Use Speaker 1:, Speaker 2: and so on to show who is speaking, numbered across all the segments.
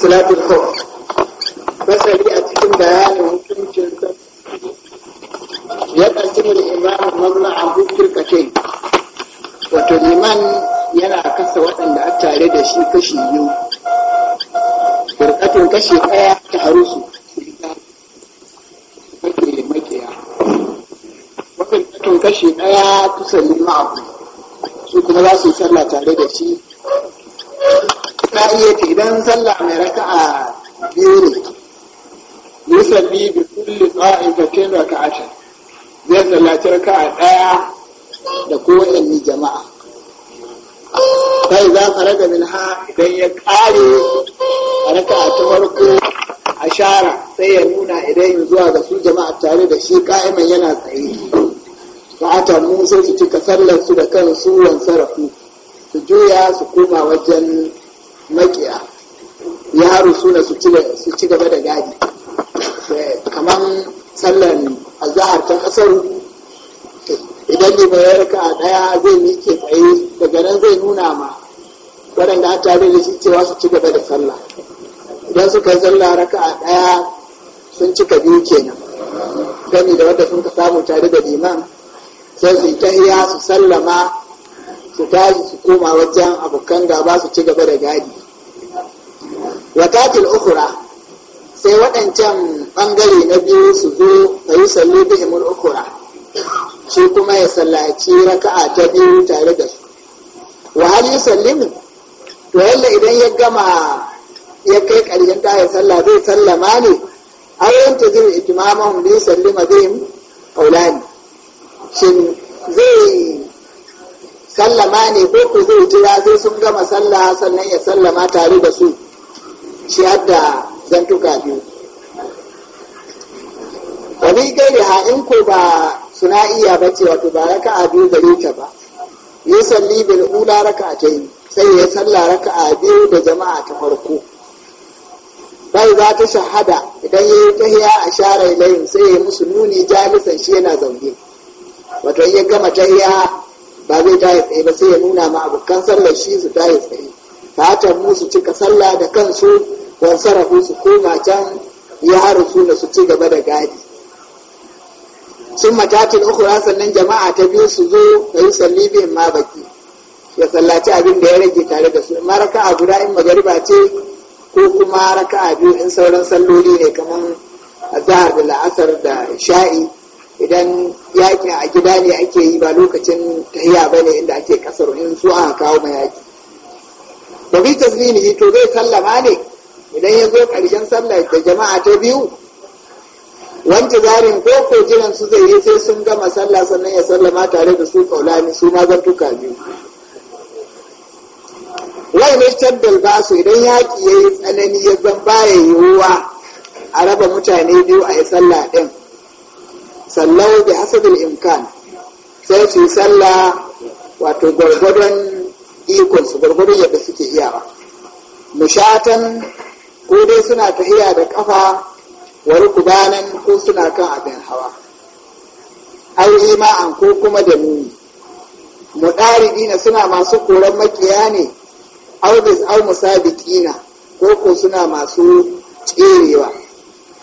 Speaker 1: salatul khawf fasali a cikin bayanin hukuncin sa ya kaddima da imamu mamma abu kirkatai wato liman yana kasa waɗanda a tare da shi kashi biyu kirkatin kashi ɗaya ta su harusu kashi ɗaya kusa lima abu su kuma za su yi sallah tare da shi Idan mai raka'a biyu ne yusalli bi kulli qa'idatin raka'atin zai sallaci raka'a ɗaya da kowanne jama'a sai za ka raga min ha idan ya ƙare a raka'a ta farko ashara sai ya nuna idan zuwa ga su jama'a tare da shi ka'iman yana tsaye a mu sai su cika sallar su da kansu wan sarafu su juya su koma wajen makiya ya haru suna su ci gaba da gadi eh, kamar sallar azahar ta kasar idan ne bayar ka a daya zai miƙe tsaye daga nan zai nuna ma waɗanda a tare da shi cewa su ci gaba da sallah idan suka yi sallah raka a daya sun cika biyu kenan gani da wadda sun ka samu tare da liman sai su yi su sallama su tashi su koma wajen abokan gaba su ci gaba da gadi watakil ukura sai waɗancan ɓangare na biyu su zo a yi sallu bihimul ukura shi kuma ya sallaci raka'a ta biyu tare da su wa hal yusallimu to yalla idan ya gama ya kai ƙarshen tayar sallah zai sallama ne ayoyin ta zai itimama hun bi sallima bihim kaulani shin zai sallama ne ko ku zai jira sai sun gama sallah sannan ya sallama tare da su shi hadda zantuka biyu wani gari ha in ko ba suna iya ba ce wato ba raka a biyu gare ta ba ya salli bil ula raka a tayi sai ya salla raka a biyu da jama'a ta farko bai za ta shahada idan ya yi ta hiya a share layin sai ya musu nuni jalisan shi yana zaune wato ya gama hiya ba zai tashi tsaye ba sai ya nuna ma abokan sallar shi su taya tsaye ta mu su cika sallah da kansu wansarafu su koma can ya harusu da su ci gaba da gadi sun matatin uku sannan jama'a ta biyu su zo da yi sallibin ma baki ya sallaci abin da ya rage tare da su ma raka'a guda in magariba ce ko kuma raka'a biyu in sauran salloli ne kamar zahar da la'asar da sha'i idan yaƙi a gida ne ake yi ba lokacin tahiya ba ne inda ake kasar in su aka kawo ma yaki ba bi tasmini to zai sallama ne idan ya zo ƙarshen sallar da jama'a ta biyu wanda zarin ko ko jiran su zai yi sai sun gama sallah sannan ya sallama tare da su kaulani su ma biyu wai mai ba su idan yaƙi ya yi tsanani ya zan baya yiwuwa a raba mutane biyu a yi sallah ɗin sallau da hasadul imkan sai su salla wato gwargwadon su gwargwadon yadda suke ba mushatan ko dai suna tahiya da kafa wani kubanan ko suna kan abin hawa aw ima'an ko kuma da nuni na suna masu koran makiya ne albis al musabiqina ko ko suna masu tserewa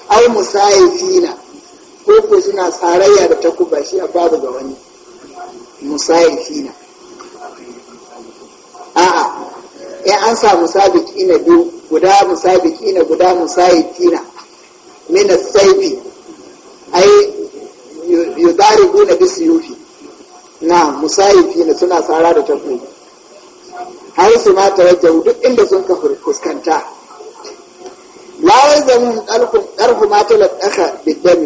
Speaker 1: al musayifina Koko suna tsarayya da takuba shi a babu ga wani musayin fina a'a in an sa musabik ina biyu guda musabik ina guda musayin fina mina saifi ai guna bisu yufi na musayin fina suna tsara da takuba har su ma tarajjahu duk inda sun ka fuskanta la yalzamu qalhum qarhu ma talaqqa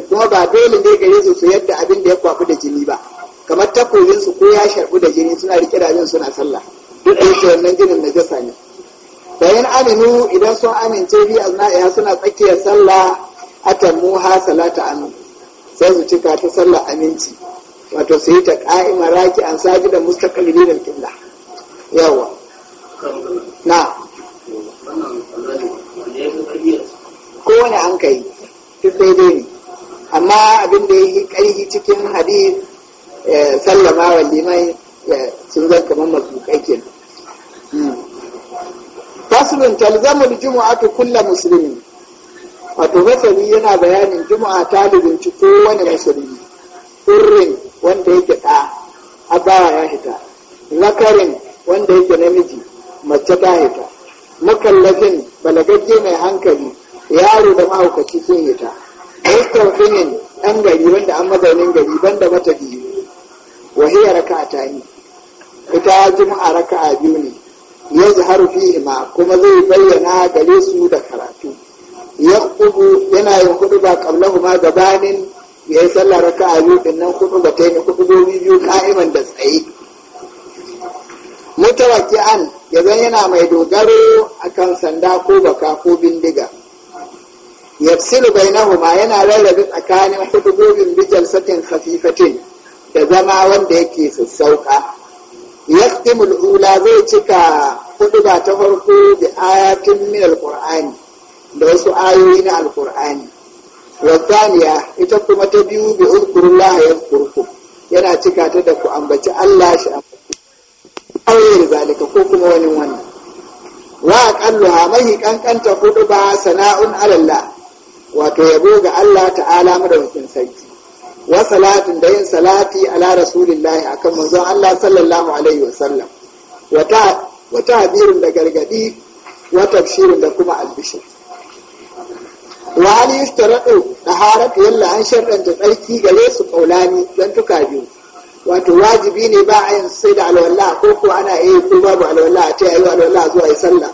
Speaker 1: kuma ba dole ne gare su su yadda abin da ya kwafi da jini ba kamar takobin su ko ya sharbu da jini suna rike da abin suna sallah duk da yake wannan jinin najasa ne bayan aminu idan sun amince bi aznaiya suna tsakiyar sallah atammu ha salata anu sai su cika ta sallah aminci wato su yi ta ka'ima raki an saji da mustaqbilin al-qibla yawa na kowane an kai duk daidai ne amma abin da ya yi ƙarfi cikin hadis sallama wa limai sun zan kamar masu hmm. fasulun talzamul jumu'atu kulla musulmi wato fasali yana bayanin jumu'a ta lubinci kowane musulmi turin wanda yake ɗa abawa ya hita zakarin wanda yake namiji mace ta hita mukallafin balagagge mai hankali yaro da mahaukaci sun yi ta wasu ɗan gari wanda an mazaunin gari ban da mata biyu wahiyar raka ta ni ita raka a biyu ne ya zaharu fi ma kuma zai bayyana gare su da karatu ya kubu yana yin kudu ba kablahu ma gabanin ya yi raka a biyu ɗin nan kudu ba ta yi kudu biyu ka'iman da tsaye mutawakki'an ya zan yana mai dogaro a kan sanda ko baka ko bindiga yafsilu bainahuma yana rarrabe tsakanin hudubobin bijar satin safifatin da zama wanda yake sassauka yaqtimul ula zai cika ba ta farko da ayatin min alkur'ani da wasu ayoyi na alkur'ani wasaniya ita kuma ta biyu bi uzkurullaha yazkurkum yana cika ta da ku ambaci Allah shi kuma wani wannan wa aqalluha mahi kankanta hudu ba sana'un alalla wato yabo ga Allah ta'ala madaukin sarki wa salatin da yin salati ala rasulillahi akan manzon Allah sallallahu alaihi wa sallam wata wata da gargadi wa tafsirin da kuma albishir wa ali yustaradu da haraka yalla an sharɗanta tsarki gare su kaulani dan tuka biyu wato wajibi ne ba a yin sai da alwala ko ko ana yi ko babu alwala a ta yi alwala zuwa yi sallah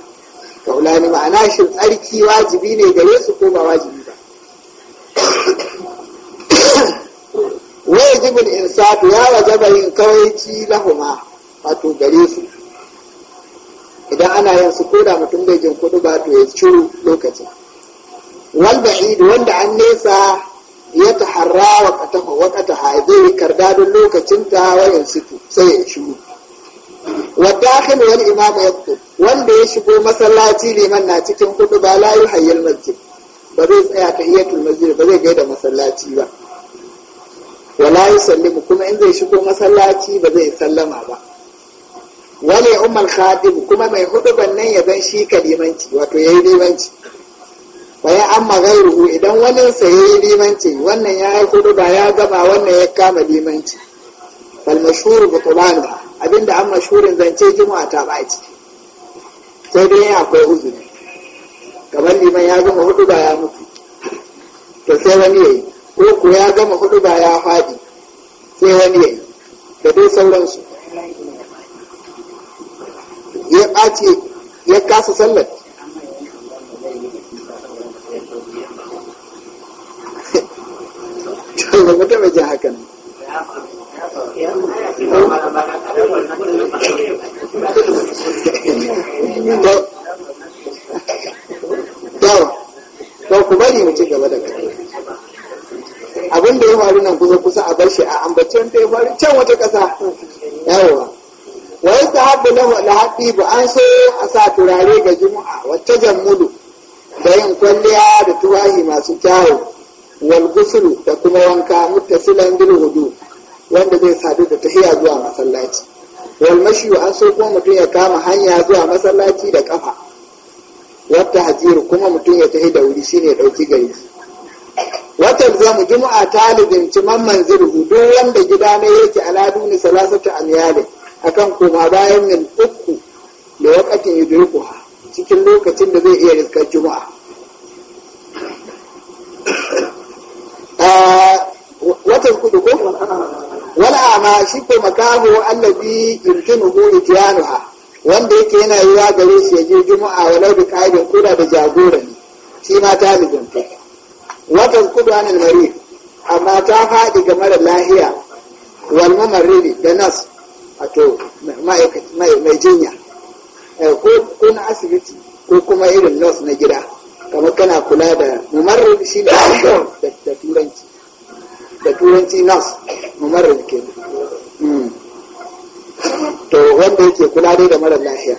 Speaker 1: kaulani ma'ana shin tsarki wajibi ne gare su ko ba wajibi ba wai jibin insatu ya wajaba yin kawaici lahuma wato gare su idan ana yin su da mutum bai jin kudu ba to ya ciro lokacin wanda an nesa ya ta harra wa katafa wa ta haɗe kardadin lokacin ta wayan situ sai ya shigo wadda wani imam ya wanda ya shigo masallaci liman na cikin kudu ba layu hayyar masjid ba zai tsaya ta iya masjid ba zai gaida masallaci ba wala sallimu kuma in zai shigo masallaci ba zai sallama ba wani umar khadim kuma mai hudu nan ya zan shi kalimanci wato yayi limanci bayan an magairu idan wani sa ya yi limanci wannan ya yi kudu ba ya gama wannan ya kama limanci bal mashhur butulanu abinda an shurin zance juma'a ta baci sai dai akwai uzuri kamar liman ya gama hudu ba ya mutu to sai wani yayi ko ku ya gama hudu ba ya faɗi sai wani yayi da dai sauransu ya ɓaci ya kasa sallar ba mu taɓa jin haka to ku bari mu ci gaba da abin da ya faru nan kusa kusa a bashi a ambacin da ya faru can wata ƙasa yawa wa yasta habbu lahu al-habib an so a sa turare ga juma'a wa tajammudu da yin kwalliya da tuwahi masu kyawu wal da kuma wanka muttasilan bil wudu wanda zai sadu da tahiya zuwa masallaci walmashi an so kuma mutum ya kama hanya zuwa masallaci da kafa wata hajiru kuma mutum ya tahi da wuri shine ɗauki dauki gari watan zamu juma'a talibin Mamman manzilu duk wanda gida na yake ala duni salasatu amyalin akan koma bayan min uku da wakatin yudrikuha cikin lokacin da zai iya riskar juma'a watan kudu ko Wala ama shi ko makaho allazi yumkinuhu ityanuha wanda yake yana yiwa gare shi ya je juma'a walau da qaidin kuda da jagora ne shi ma ta lijinta watan kudu anan marid amma ta faɗi ga mara lahiya wal mumarrid da nas to mai jinya eh, ko na asibiti ko kuma irin nos na gida kamar kana kula da mumarrid shi da da turanci da turanci nas mumarar ke hmm. to wanda yake kula dai da mara lafiya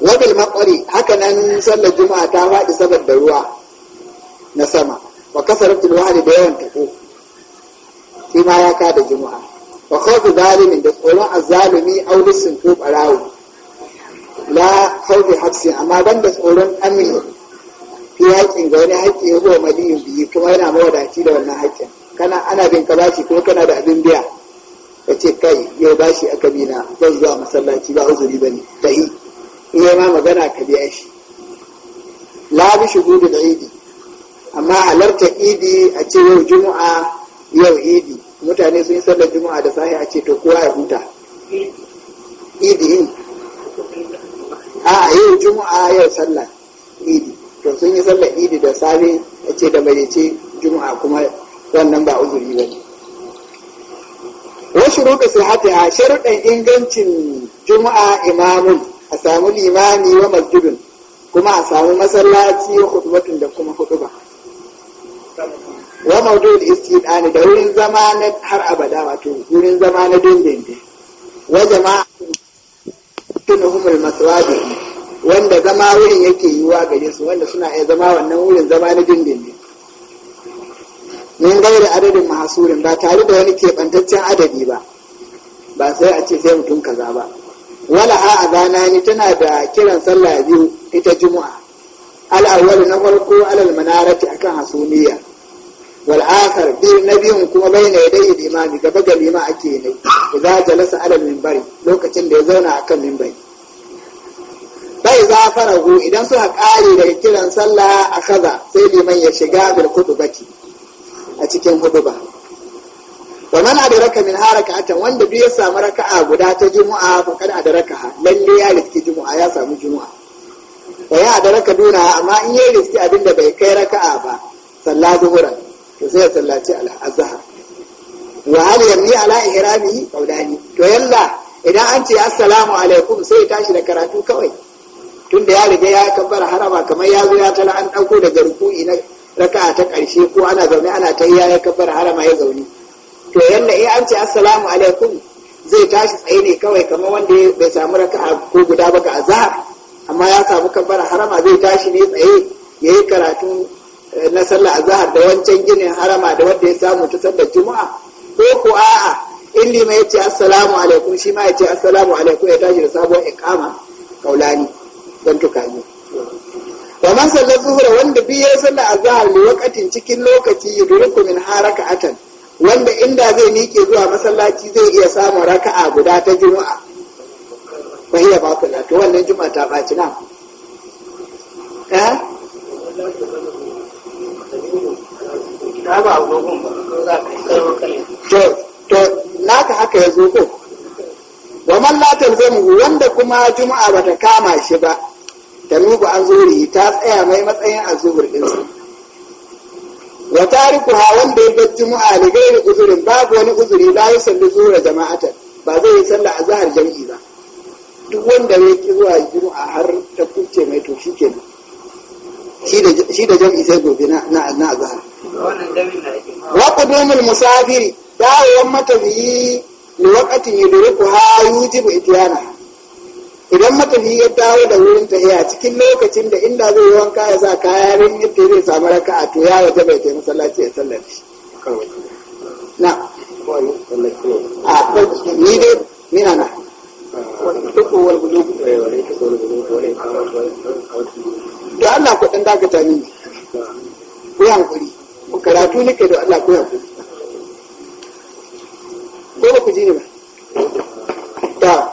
Speaker 1: wadal makwari haka nan sallar juma'a ta faɗi saboda ruwa na sama wa kasar wahali da yawan tako shi ma ya kada juma'a wa kawai zalimin da tsoron azzalumi sun ko barawo la kawai hafsin amma ban da tsoron aminu fi ga wani haƙƙi ya zo maliyin biyu kuma yana mawadaci da wannan haƙƙin kana ana bin ka bashi kuma kana da abin biya ka ce kai yau bashi aka bi na zan zuwa masallaci ba uzuri ba ne ta yi iya ma magana ka biya shi la bi da idi amma alarta idi a ce yau juma'a yau idi mutane sun yi sallar juma'a da sahi a ce to kowa ya huta idi a yau juma'a yau sallah idi to sun yi sallar idi da safe a ce da mai ce juma'a kuma wannan ba uzuri ba ne wasu ruɗa su a sharuɗan ingancin juma'a imamun a samu limani wa masjidun kuma a samu masallaci wa hudubatun da kuma ba. wa maudu'ul ɗani da wurin zama na har abada wato wurin zama na dindindin wa jama'a tunuhumul da wanda zama wurin yake yiwa gare su wanda suna iya zama wannan wurin zama na dindindin min gairi adadin mahasurin ba tare da wani keɓantaccen adadi ba ba sai a ce sai mutum kaza ba wala a zana ni tana da kiran sallah biyu ita juma'a al'awwal na farko alal manarati akan hasumiya wal akhar na biyun kuma baina yadayhi limami gaba ga lima ake ne idza jalasa alal minbari lokacin da ya zauna akan minbari bai za farahu idan suka kare daga kiran sallah a kaza sai liman ya shiga bil khutbati a cikin hudu ba wa man adraka min harakatan wanda duk ya samu raka'a guda ta juma'a fa kad adraka lalle ya riski juma'a ya samu juma'a wa ya adraka duna amma in ya riski abin da bai kai raka'a ba salla zuhura to sai ya sallaci al-azhar wa hal yamni ala ihrami qawlani to yalla idan an ce assalamu alaikum sai tashi da karatu kawai tunda ya riga ya kabbara harama kamar ya zo ya tala an dauko daga ruku'i na raka'a ta ƙarshe ko ana zaune ana ta iya ya kafar harama ya zaune to yanda eh an ce assalamu alaikum zai tashi tsaye ne kawai kamar wanda bai samu raka'a ko guda ba ga azhar amma ya samu kafar harama zai tashi ne tsaye yayi karatu eh, na sallar azhar da wancan ginin harama da wanda ya samu ta sallar juma'a ko ko a'a in lima ya ce assalamu alaikum shi ma ya ce assalamu alaikum ya tashi da sabuwar iqama kaulani don tukani wa man salla zuhra wanda bi ya salla azhar li waqtin cikin lokaci yudriku min haraka'atan wanda inda zai miƙe zuwa masallaci zai iya samun raka'a guda ta juma'a fa ba batila to wannan juma'a ta baci na eh to to naka haka ya zo ko wa man la tanzamu wanda kuma juma'a bata kama shi ba ta ruku an zuri ta tsaya mai matsayin a zuhur ɗinsa wa tariku ha wanda ya bar juma'a da gairi uzurin babu wani uzuri ba ya sallu zuwa jama'ata ba zai yi sallah a zahar jam'i ba duk wanda ya ki zuwa juma'a har ta kuce mai to shi kenan shi da jam'i sai gobe na na azhar wa qudumul musafiri dawowan matafiyi ni waqatin yudriku ha yujibu itiyana idan matafi ya dawo da wurin ta iya cikin lokacin da inda zai yi wanka ya sa kaya rin yadda zai samu raka a to ya waje bai kai masallaci ya sallaci. na a ni dai mina na da Allah ku dan dakata ni ku hankuri ku karatu nake da Allah ku hankuri ko ku ji ne ba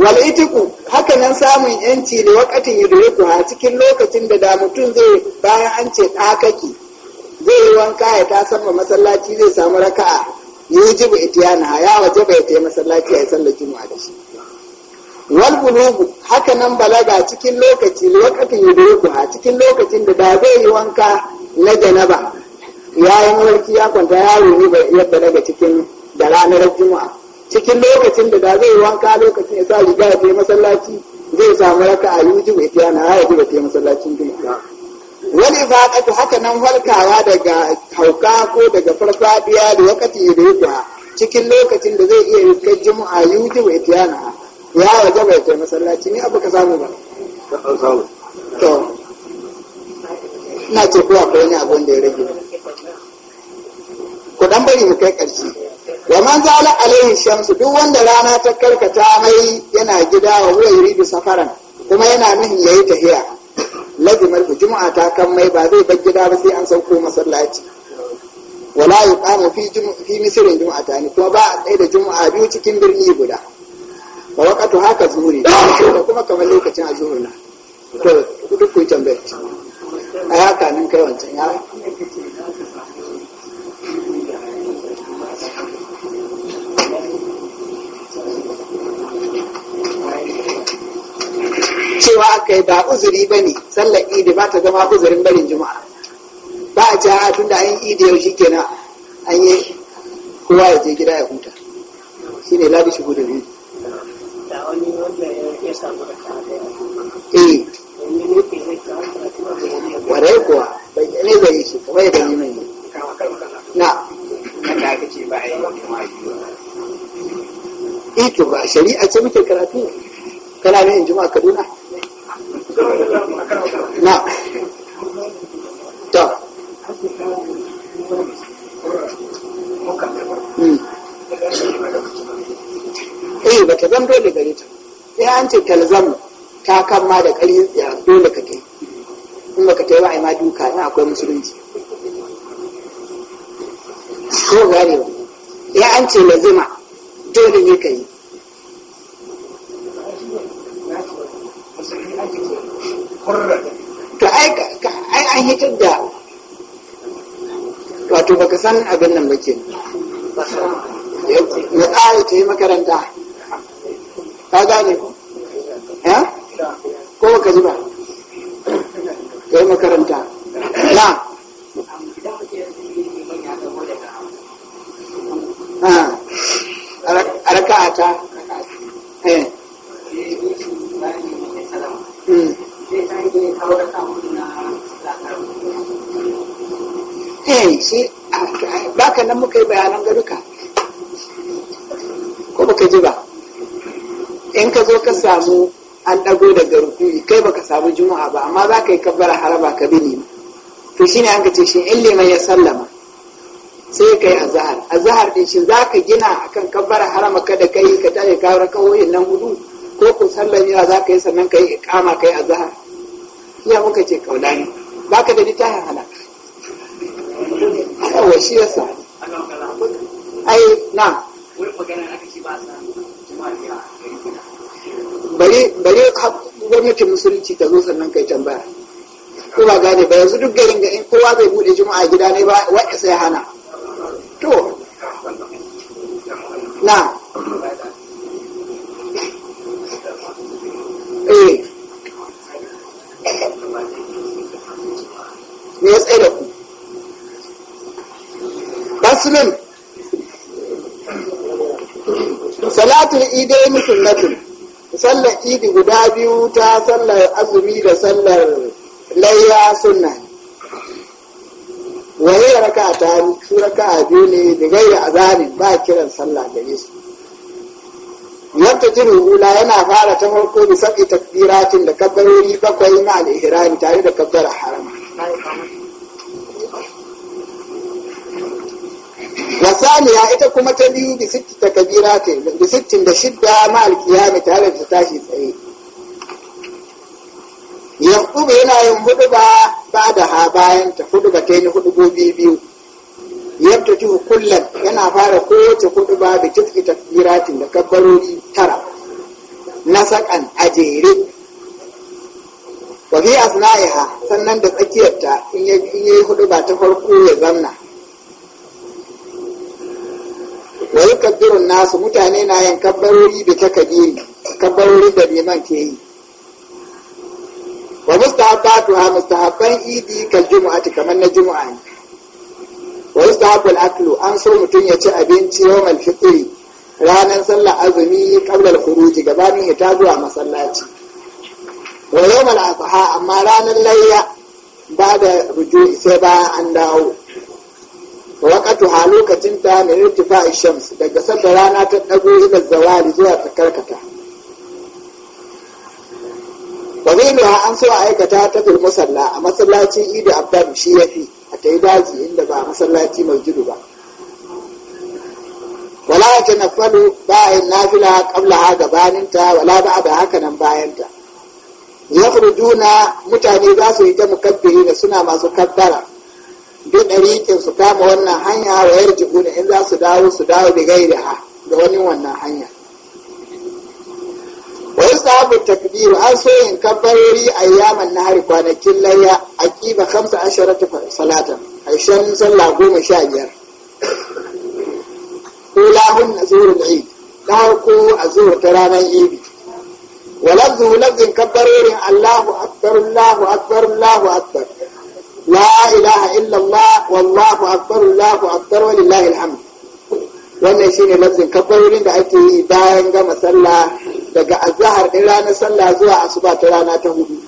Speaker 1: wal itiku haka nan samun yanci da wakatin yudriku a cikin lokacin da da mutum zai bayan an ce ɗakaki zai yi wanka ya ta sama masallaci zai samu raka'a jibu itiyana ya waje bai ta yi masallaci ya sallar juma'a da shi wal bulugu haka nan balaga cikin lokaci da wakatin yudriku a cikin lokacin da da zai yi wanka na janaba ya yi ya kwanta yaro ne yadda daga cikin da ranar juma'a cikin lokacin da da zai wanka lokacin ya sa riga ya je masallaci zai samu raka a yi yuji mai ya na wuce jiba fiye masallacin juma'a wani faɗaƙa haka nan halkawa daga hauka ko daga farfadiya da wakati da yadda cikin lokacin da zai iya rikar yi yuji mai fiya na ya waje bai fiye masallaci ni abu ka samu ba to na ce ko akwai wani abu da ya rage ku dan bari mu kai karshe wa man zala alayhi shamsu duk wanda rana ta karkata mai yana gida wa huwa yuridu safaran kuma yana nuhin yayi tahiya lazimar juma'a ta kan mai ba zai bar gida ba sai an sauko masallaci wala yuqamu fi fi misrin ta ne kuma ba a tsaye da juma'a biyu cikin birni guda wa waqatu haka zuhuri kuma kamar lokacin azhur na to duk ku tambaye a haka nan kai wancan ya cewa aka yi ba uzuri ba ne sallar idi ba ta zama uzurin barin juma'a ba a ja tun da an yi idi yau shi kenan an yi kowa ya je gida ya huta shi ne ladi shigo da biyu eh warai kuwa ne zai yi shi kamar yadda ni mai na ito ba shari'a ce muke karatu kana ne in Juma'a kaduna talzam ta kama da ƙarfin ya dole ka kai in ka ta yi wa'ai ma duka na akwai musulunci ko gane ba ya an ce lazima dole ne ka yi to ai an hitar da wato baka san abin nan ba ke ya tsara ta yi makaranta ka gane ko sai baka nan muka yi bayanan garuka ko baka ji ba in ka zo ka samu an ɗago daga rukuni kai baka samu juma'a ba amma za ka yi kabbara haraba ka bi ne to shi ne an ka ce shi in liman ya sallama sai ka yi azahar azahar din shi za ka gina akan kabbara harama ka da kai ka tare ka kawai nan hudu ko ku sallamewa za ka yi sannan ka yi ikama ka yi azahar iya muka ce kaulani ba ka da littafin halal yawa shi sa ai na bari gwamnatin musulunci ta zo sannan kai tambaya ko ba gane ba yanzu duk garin ga in kowa bai bude juma'a gida ne ba wanda sai hana to na eh ne ya tsaye da ku su nan salatul idai sallar idi guda biyu ta sallar azumi da sallar layya sunna wa hiya raka'ata su a biyu ne da a azanin ba kiran sallah da su yadda jiru hula yana fara ta farko da sabi takbiratin da kabbarori bakwai na alihirani tare da kabbar harama wasaniya ita kuma ta biyu bi sitti ta kabira da shidda ma alkiyami tare da tashi tsaye yankuba yana yin hudu ba ba da ha bayan ta hudu ba ta yi hudu gobe biyu yadda ta kullum yana fara kowace hudu ba bi tiski takbiratin da kabbarori tara na sakan a jere wa fi asna'iha sannan da tsakiyarta in yi hudu ba ta farko ya zamna. wa yukabbirun nasu mutane na yin kabbarori da ta takabiri kabbarori da liman ke yi wa mustahabbatu ha mustahabban idi kal jumu'ati kamar na jumu'a ne wa yustahabbul aklu an so mutum ya ci abinci yawmal fitri ranar sallar azumi qabla al-khuruj gabanin ita zuwa masallaci wa yawmal adha amma ranar layya ba da ruju'i sai ba an dawo waqatuha lokacin ta min irtifa'i shams daga sanda rana ta dago ila zawali zuwa ta karkata fadiluha an so a aikata ta fil musalla a masallacin idi abdan shi yafi a ta yi daji inda ba masallaci mai masjidu ba wala ya tanaffalu bayan nafila qablaha gabaninta wala ba'da haka nan bayanta yakhrujuna mutane za su yi ta mukabbirina suna masu kabbara bi ɗariƙin su kama wannan hanya wa yarji kuna in za su dawo su dawo da gairi ha da wani wannan hanya wa sabon takbiru an so yin kabbarori na hari kwanakin ashirar ta salata salatan shan sallah goma sha biyar kulahun na zuwa eid ta harko a zuwa ta ranar eid wa lafzu lafzin kabbarorin allahu akbar allahu akbar allahu akbar إله إلا الله والله أكبر الله أكبر ولله الحمد wannan shi shine lafzin kabarin da ake yi bayan gama sallah daga azhar din ranar sallah zuwa asuba ta rana ta hudu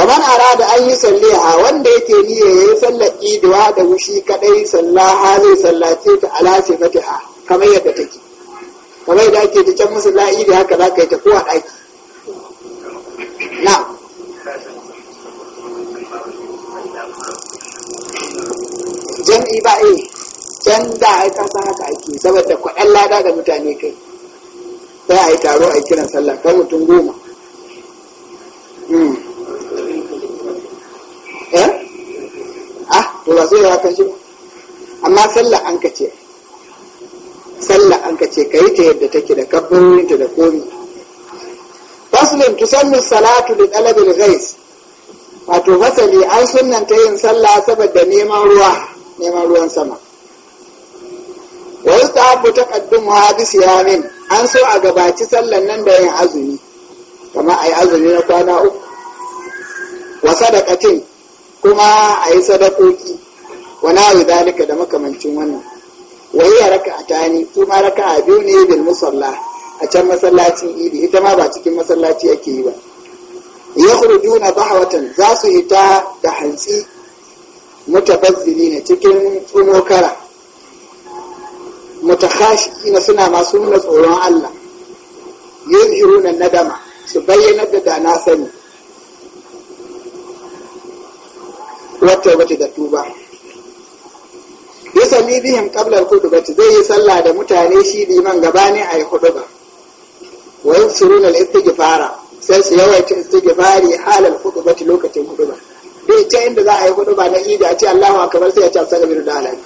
Speaker 1: wa man arada an yi salliha wanda yake niyya yayi sallar idwa da wushi kadai ha zai sallace ta ala fatiha kamar yadda take kamar yadda ake ta can musu la'idi haka za ka yi ta kowa ɗaki na jam'i e ba eh can da a ka san haka ake saboda kwaɗan lada da mutane kai sai a yi taro a yi kiran sallah kan mutum goma hmm. eh ah to ba sai da kan shi amma sallah an ka ce sallah an ka ce ka yi ta yadda take da ta da komi faslin tusammi salatu da ɗalabin ghais wato fasali an sunanta yin sallah saboda neman ruwa neman ruwan sama Wasu ta kaddun taqaddamuha ya min an so a gabaci sallan nan da yin azumi kama yi azumi na kwana uku wa sadaqatin kuma ayi sadakoki wa yi dalika da makamancin wannan wa su tani kuma a biyu ne bil musalla a can masallacin idi ita ma ba cikin masallaci ake yi ba yakhrujuna bahwatan za su hita da hantsi mutabazzilina cikin tsunokara ina suna masu nuna tsoron Allah yuzhiruna nadama su bayyana da na sani wata wata da tuba yusalli bihim qabla al-khutbati zai yi sallah da mutane shi liman gabanin ay khutba wa yusuruna al-istighfara sai su yawaita bari halal ta lokacin huduba duk ta inda za a yi huduba na idi a ce Allahu akbar sai ya ci asali da halal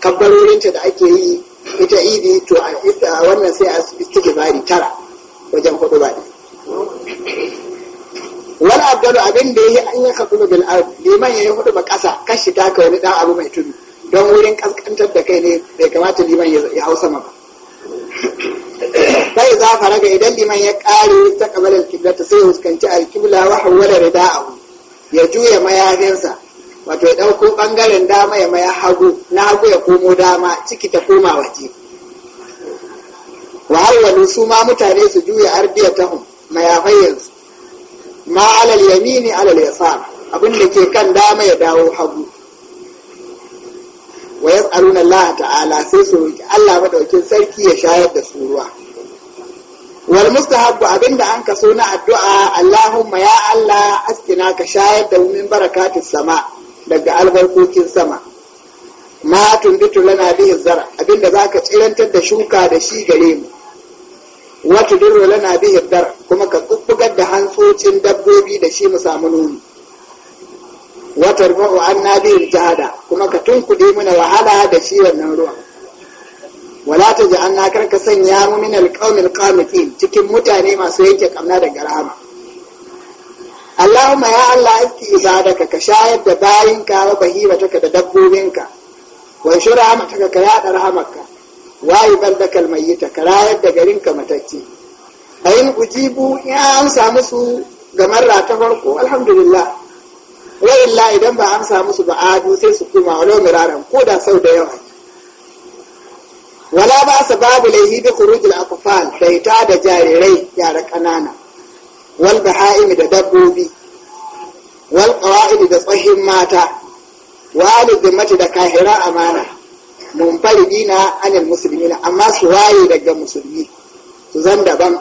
Speaker 1: kabbarorin ta da ake yi ita idi to a wannan sai a bari tara wajen huduba wani abdalu abin da yi an yaka kuma bil ard liman yayi hudu ba kasa kan shi ka wani dan abu mai tudu don wurin kaskantar da kai ne bai kamata liman ya hausa ma ba sai za raga idan liman ya ƙare ta kabalar kiblata sai ya huskanci alkibla wa hawwala abu, ya juya mayafinsa wato ya ɗauko ɓangaren dama ya maya hagu na hagu ya komo dama ciki ta koma waje wa hawwalu su ma mutane su juya ardiya hun mayafayansu ma alal yamini alal yasa abin da ke kan dama ya dawo hagu wa yas'aluna Allah ta'ala sai su roki Allah madaukin sarki ya shayar da su ruwa wal mustahabbu abinda an kaso na addu'a Allahumma ya Allah askina ka shayar da min barakatis sama daga albarkokin sama ma tunbitu lana bihi zara abinda zaka tsirantar da shuka da shi gare mu wa tudirru lana bihi dar kuma ka kubbugar da hantsocin dabbobi da shi mu samu nuni wa tarbu an nabil jihada, kuma ka tunkuɗe mana wahala da shi wannan ruwa. wala ta ji anna kar ka sanya mu min alqawmil qanitin cikin mutane masu yanke kamna da garama Allahumma ya Allah aski ibadaka ka shayar da bayinka wa bahimatuka da dabbobinka wa shura amataka ka yada rahamaka wa ibadaka almayyita ka rayar da garinka matacce ayin ujibu ya su musu marra ta farko alhamdulillah wa illa idan ba amsa musu ba adu sai su koma walau miraran ko da sau da yawa wala ba su babu laihi bi khurujil akfal baita da jarirai yara kanana wal bahaim da dabbobi wal qawaid da tsohin mata da mace da kahira amana munfaridina anil na amma su waye daga musulmi su zan daban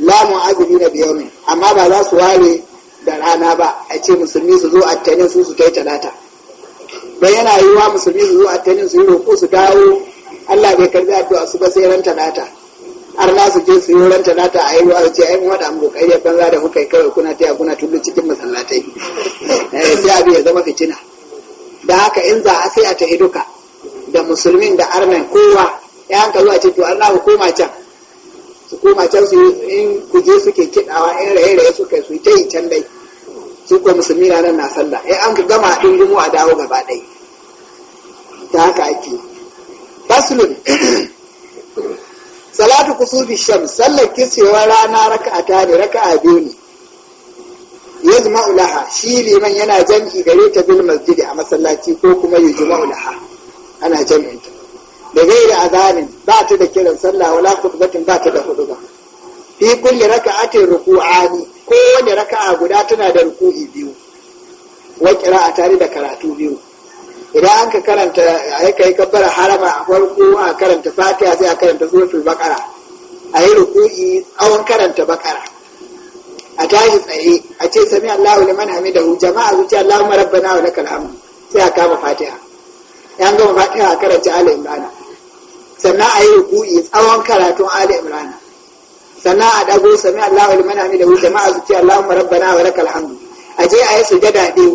Speaker 1: la nuna na yawmin amma ba za su waye. da rana ba a ce musulmi su zo tanin su su kai talata Ba yana yi wa musulmi su zo tanin su yi roƙo su dawo allah bai karbi addu'a su ba sai ran talata har na su je su yi ran talata a yi ruwa su ce ai wada an kokari ban za da kuka kai kuna taya kuna tullu cikin masallatai eh, sai abu ya zama fitina da haka in za a sai a tahi duka da musulmin da arnan, kowa ya hanka zuwa ce to allah hukuma can su koma can su in kuje suke kidawa in raye-raye suka su ta yi can dai su ko musulmi na nan na sallah in eh, an gama din gumo a dawo gaba dai ta haka ake faslun salatu kusubi sham sallar kisewar rana raka'a ne raka'a biyu ne yajma'u Ma'ulaha, shi liman yana jam'i gare ta bil masjidi a masallaci ko kuma yajma'u Ma'ulaha ana jam'in ta da gaira azanin ba ta da kiran sallah wala khutbatin ba ta da ba. fi kulli raka'atin ruku'ani ko wani raka'a guda tana da ruku'i biyu wa qira'a tare da karatu biyu idan an ka karanta ayi kai kabbara harama a farko a karanta fatiha sai a karanta suratul baqara ayi ruku'i tsawon karanta baqara a tashi tsaye a ce sami Allahu liman hamidahu jama'a zuci Allahumma rabbana wa lakal hamd sai a kama fatiha yan gama fatiha a karanta ala imrana sannan a yi ruku'i tsawon karatun ali imran sannan a dago sami allahu liman hamidahu jama'a su ce allahumma rabbana wa lakal hamdu a je a yi sujada ɗaya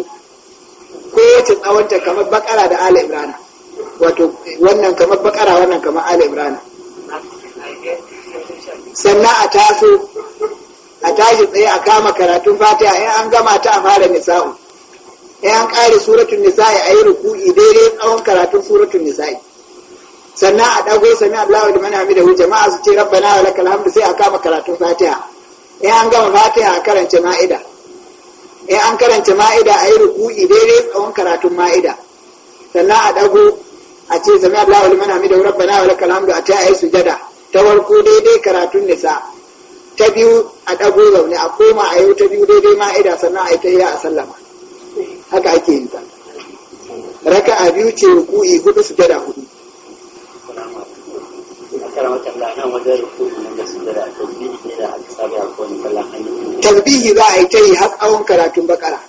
Speaker 1: ko wace tsawonta kamar bakara da ali imran wato wannan kamar bakara wannan kamar ali imran sannan a taso a tashi tsaye a kama karatun fatiha in an gama ta a fara nisa'u in an kare suratun nisa'i a yi ruku'i daidai tsawon karatun suratun nisa'i sannan a dago sami allah da mani hamidahu jama'a su ce rabbana wa lakal hamdu sai a kama karatun fatiha in an gama fatiha a karanta ma'ida in an karanta ma'ida a yi ruku'i daidai tsawon karatun ma'ida sannan a dago a ce sami allah da mani hamidahu rabbana wa lakal hamdu a ta yi sujada ta farko daidai karatun nisa ta biyu a dago zaune a koma a yau ta biyu daidai ma'ida sannan a yi ta iya a sallama haka ake yin ta raka'a biyu ce ruku'i hudu sujada hudu tasbihi za a yi ta yi har tsawon karatun bakara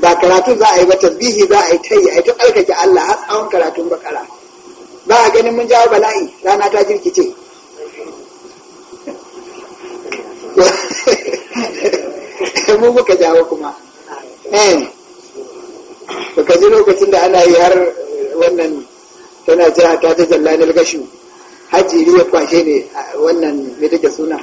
Speaker 1: ba karatu za a yi ba tasbihi za a yi ta yi a yi ta tsarkake Allah har tsawon karatun bakara ba a ganin mun jawo bala'i rana ta jirkice mu muka jawo kuma eh ka ji lokacin da ana yi har wannan tana jira ta ta gashi gashu hajjiri ya kwashe ne wannan mai take suna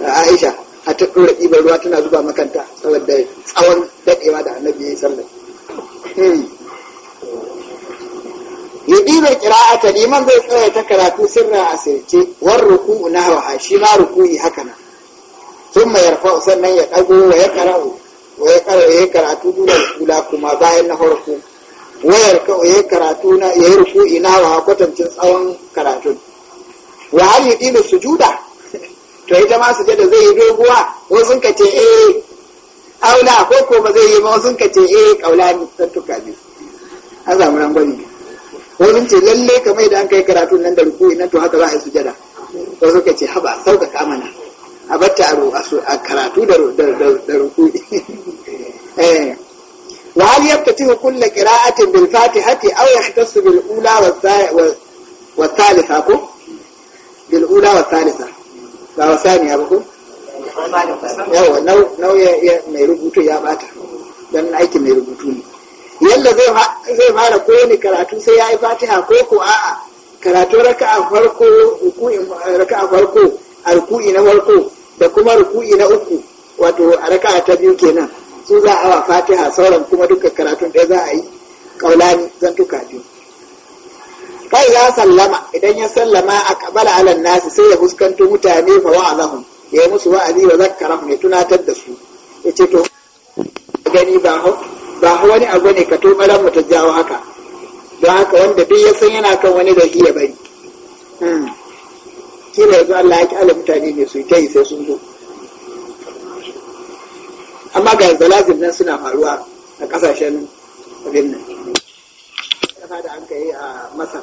Speaker 1: aisha a ta ɗora ibar ruwa tana zuba makanta saboda tsawon daɗewa da annabi ya yi sallar hmm. ya ɗiba ta liman zai tsaya ta karatu sirra a sirce war ruku'u na hawa shi ma ruku'i haka na. sun mai yarfa sannan ya ɗago wa ya karatu dole kula kuma bayan na farko wayar kawai ya karatu na ya yi rufu ina wa kwatancin tsawon karatun wa har yi dina su juda to ita ma su jada zai yi doguwa wasu ka ce eh aula ko ko ba zai yi ma wasu ka ce eh kaula ne tattuka ne an samu nan gwani wasu ce lalle ka kamar idan kai karatun nan da rufu ina to haka za a yi jada wasu ka ce haba sauƙaƙa mana a batta a karatu da rufu wa hal yaftatihu kullu qira'atin bil fatihati aw yahtassu bil ula wa thalitha ko bil ne yadda zai fara kowane karatu sai ya yi fatiha ko ko a'a karatu raka a farko ruku'i na farko da kuma ruku'i na uku wato a raka ta biyu kenan su za a wa fatiha sauran kuma duka karatun ɗaya za a yi kaulani tuka biyu kai ya sallama idan ya sallama a kabala alan nasi sai ya fuskanto mutane fa wa'azahu ya yi musu wa'azi wa zakkara ya tunatar da su ya ce to gani ba ba wani abu ne ka tumaran mu ta jawo haka don haka wanda duk ya san yana kan wani da ya bari hmm. kila yanzu Allah ya ki ala mutane ne su yi ta yi sai sun zo amma ga zalazil nan suna faruwa a kasashen abin nan kafa da an kai a masar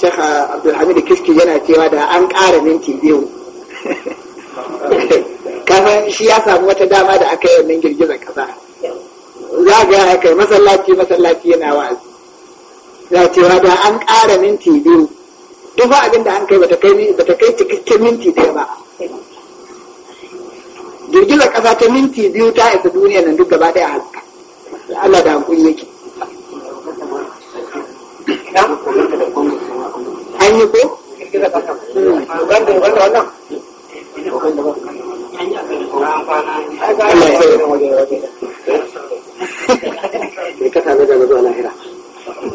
Speaker 1: shekha abdulhamid kiski yana cewa da an ƙara minti biyu kafa shi ya samu wata dama da aka yi wannan girgizar kasa za ga kai masallaci masallaci yana wa'azi Ya cewa da an ƙara minti biyu duk abin da an kai bata kai cikakken minti ɗaya ba girgizar ƙasa ta minti biyu ta isa duniya nan duk gaba daya haska Allah da yake an yi ko? Allah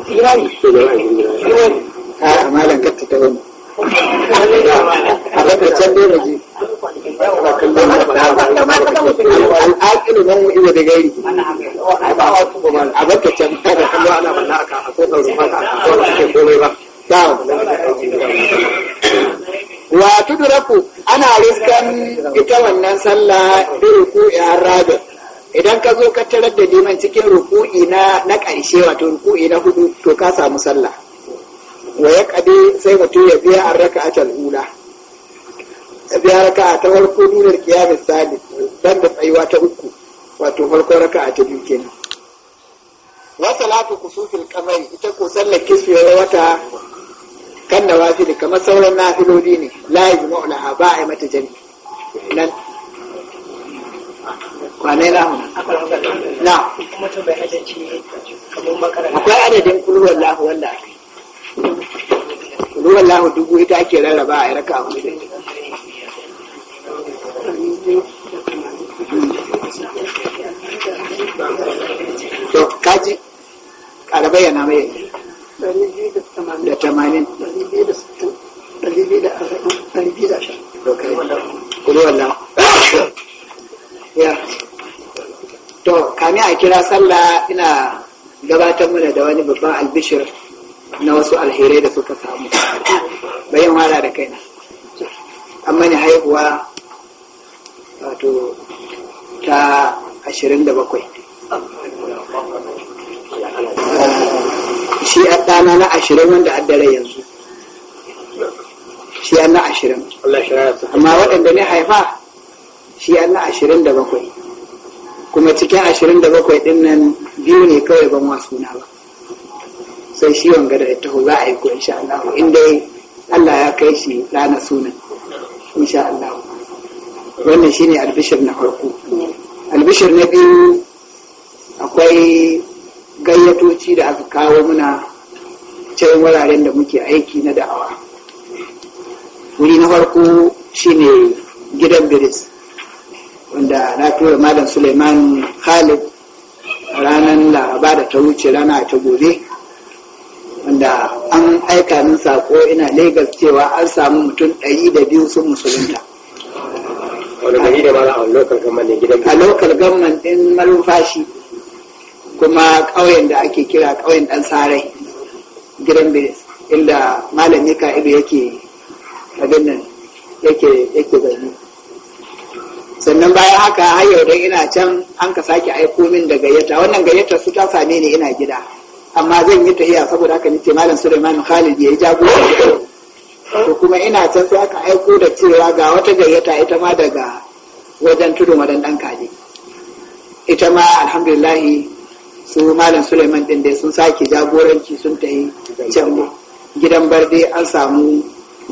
Speaker 1: ya salla bi ruku'i idan ka zo ka tarar da liman cikin ruku'i na na ƙarshe wato ruku'i na hudu to ka samu sallah wa ya kade sai mutum ya biya an raka atal ula biya raka a ta farko dunar kiyamin sali dan da tsayuwa ta uku wato farko raka a ta duke ne wa salatu kusufil kamari ita ko sallar ya wata kan da wafi kamar sauran nafiloli ne la yajma'u laha ba a yi mata jami'i kwanai lahun na akwai adadin kuluwar lahu wanda kuluwar lahu dubu ita ake rarraba a raka hudu to kaji ƙara bayyana mai yanzu da tamanin kira sallah ina gabatar mana da wani babban albishir na wasu alherai da suka samu bayan wala da kaina an mani haihuwa wato ta 27 shi a ɗana na ashirin wanda addare yanzu shi na ashirin amma waɗanda ne haifa shi na ashirin da bakwai kuma cikin ashirin da bakwai ɗin nan biyu ne kawai ban wasu na ba sai shi wanga da taho za a yi ko insha Allah in dai Allah ya kai shi rana sunan insha Allah wannan shi ne albishir na farko albishir na biyu akwai gayyatoci da aka kawo muna cikin wuraren da muke aiki na da'awa wuri na farko shi ne gidan biris da na tura malam suleiman khalid ranar laraba da ta wuce rana ta gobe wanda an aika min sako ina lagos cewa an samu mutum ɗari da biyu sun musulunta a lokal gamman ɗin malumfashi kuma ƙauyen da ake kira ƙauyen ɗan sarai gidan biris inda malami ka'ibu yake abin nan yake zaune sannan bayan haka har yau dai ina can an ka sake aiko min da gayyata wannan gayyata su ta same ni ina gida amma zan yi tafiya saboda haka nace malam Sulaiman Khalid ya jagoranci to kuma ina can sai aka aiko da cewa ga wata gayyata ita ma daga wajen tudu madan dan kaje ita ma alhamdulillah su malam Sulaiman din dai sun sake jagoranci sun tafi can gidan barde an samu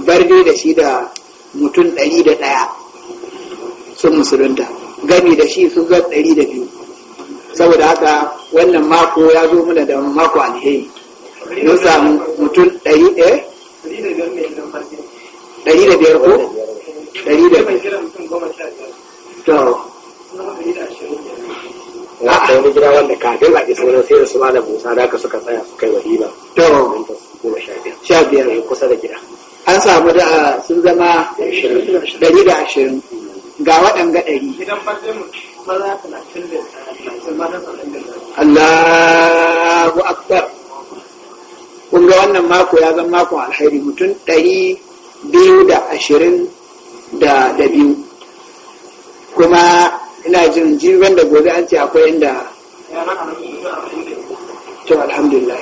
Speaker 1: barde da shi da mutum ɗari da ɗaya sun musulunta gami da shi sun zan ɗari da biyu saboda haka wannan mako ya zo mana da mako alheri mun samu mutum ɗari ɗaya eh? ɗari da biyar ko ɗari da biyar to na a yi gida wanda kafin a isa wani sai da su malam musa da aka suka tsaya su kai wahima to sha biyar kusa da gida an samu da sun zama ɗari da ashirin ga waɗanga ɗari Allahu akbar kun ga wannan mako ya zama makon alhairi mutum ɗari biyu da ashirin da biyu kuma ina jin jirgin da gobe an ce akwai inda to alhamdulillah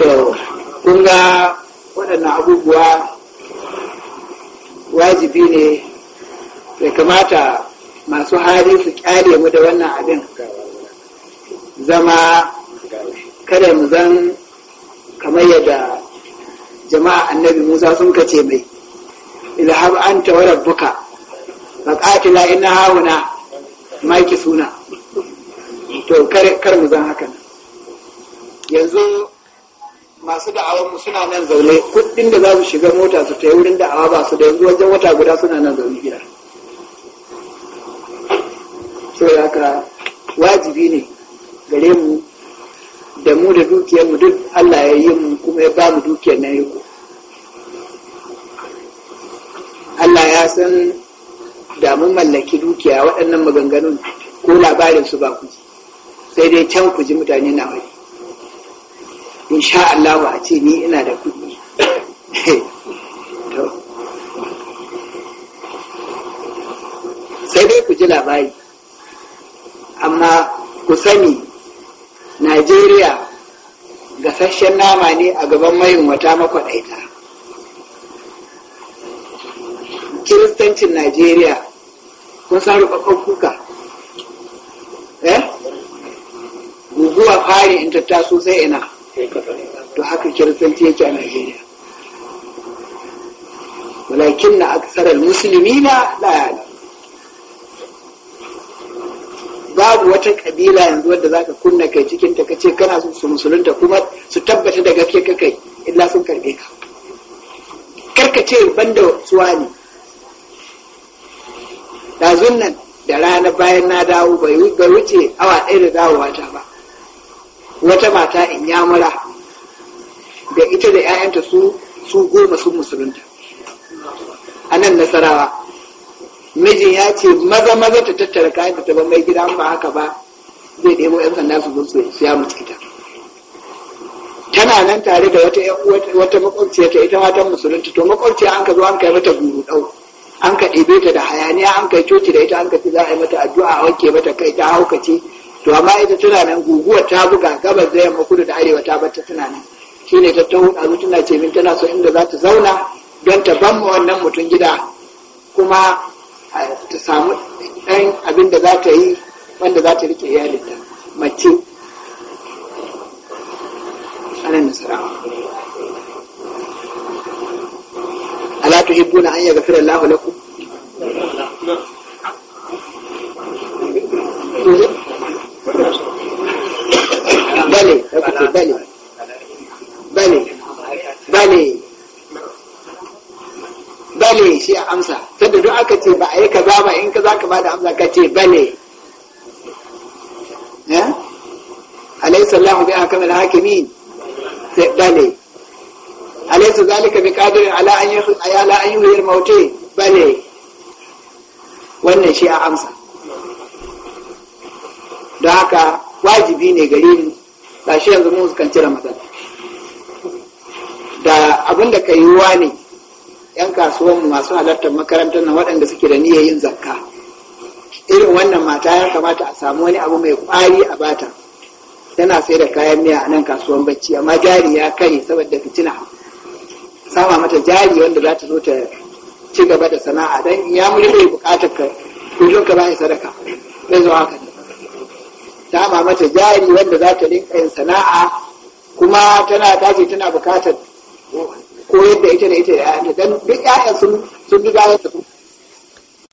Speaker 1: to kun ga waɗannan abubuwa wajibi ne sai kamata masu hali su kyale mu da wannan abin zama kada mu zan kamar yadda jama'a annabi musa sun kace mai ilhab anta wa rabbuka faqatila inna hauna maki suna to kar mu zan hakan yanzu masu da'awar mu suna nan zaune kudin da za su shiga mota su ta wurin da'awa ba su da yanzu wajen wata guda suna nan zaune gida saboda haka wajibi ne gare mu da mu da dukiyar mu duk Allah ya yi mu kuma ya ba mu dukiyar nan riko Allah ya san da mun mallaki dukiya waɗannan maganganun ko labarin su ba ku sai dai can ku ji mutane na wani sha Allah a ce ni ina da kuɗi sai dai ku ji labari amma ku sani najeriya gasasshen nama ne a gaban mayunwata makwaɗaita kiristancin najeriya kun san rubabban kuka eh guguwa fari in tatta sosai ina to haka kiristanci yake a najeriya walakin na aksarar musulmi na ne. babu wata kabila yanzu wadda zaka kunna kai cikin ta kace kana so su musulunta kuma su tabbata da gaske ka kai illa sun karbe ka karka ce banda ne dazun nan da rana bayan na dawo bai wuce awa ɗaya da dawowa ta ba wata mata in yamura da ita da 'ya'yanta su su goma sun musulunta a nan nasarawa mijin ya ce maza maza ta tattara kayan ta ban mai gida ba haka ba zai ɗebo yan sanda su zuwa su ya mutu ita tana nan tare da wata wata makwabciya ta ita matan musulunci to makwabciya an ka zo an kai mata guru ɗau, an ka ɗebe ta da hayaniya an kai coci da ita an ka ci za a yi mata addu'a a wanke mata kai ta haukace to amma ita tana nan guguwa ta buga gabas da yamma kudu da arewa ta bata tana nan ne ta taho ɗazu tana ce min tana so inda za ta zauna don ta ban ma wannan mutum gida kuma ta samu ɗan abin da za ta yi wanda za ta rike iyalinta mace ana nasarawa ala tuhibbuna an yaghfira Allahu lakum ka ba da amsa ka ce bi sai zalika bi qadirin ala an ala an wannan shi a amsa don haka wajibi ne gare ni ba shi yanzu mun kan cire matsala da abin da ka ne 'yan kasuwan masu halartar makarantar nan waɗanda suke da niyyar yin zakka irin wannan mata ya kamata a samu wani abu mai kwari a bata tana sai da kayan miya a nan kasuwan bacci amma jari ya kare saboda fitina sama mata jari wanda za ta zo ta ci gaba da sana'a dan ya muli mai bukatar ka kullum ka bai sadaka zai zo haka sama mata jari wanda za ta rinka yin sana'a kuma tana daji tana bukatar koyar da ita da ita da dan duk 'ya'yan sun sun bi bayan